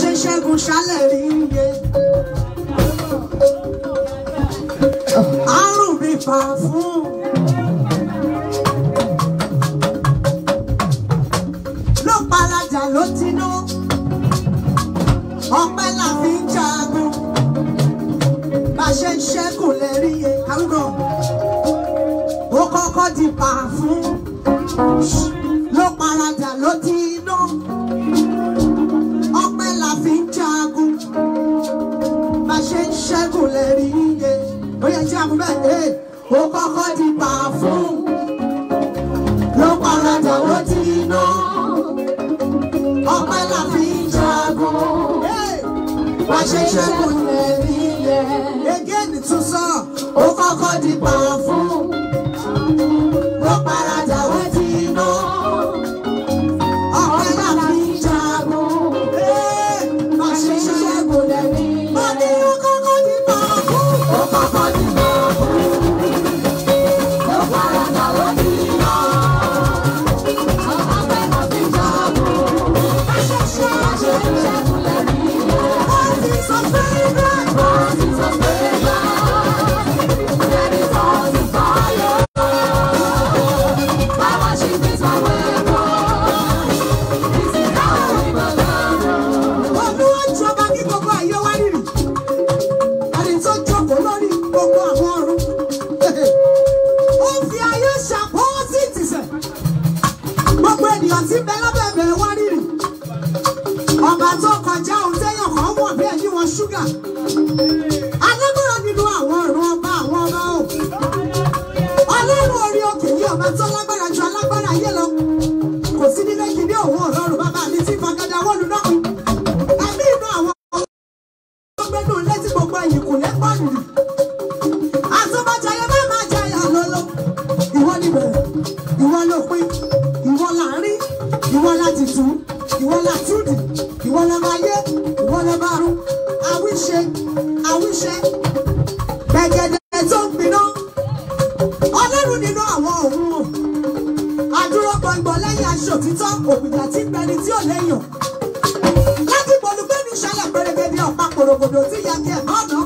ṣe ṣẹ́gun ṣálẹ̀ rí ń gbé. àrùn mi fà fún. ló palajà ló tinú ọpẹ́ la fi ń jagun o ṣe ń ṣẹ́gun di pà rí iye ó yẹ ṣé àmú bẹ́ẹ̀ ẹ kọ́kọ́ di pàfún ló paradà ó ti iná ọpẹ́ la fi ń jagun wá ṣe ṣẹ́gun lẹ́rí yẹ. again tún sọ ó kọ́kọ́ di pàfún. Moses, Moses, Moses, àwárìrì ọba tó kọjá òun téèyàn kan wọ̀ bí ẹni wọn ṣúgà. ṣe àwíṣẹ́ gbẹ̀gẹ̀dẹ̀ tó ń gbiná ọlọ́run nínú àwọn òun àdúró gbọ̀ngbọ̀n lẹ́yìn aṣọ òtítọ́ òkùnkà tí ń bẹni tí ò lẹ́yìn láti gbọ̀ngbẹ́ni ṣẹlẹ̀ pẹ̀rẹ̀gẹ̀dẹ̀ ọ̀pá pòrògòdò tí yàtẹ̀ náà náà.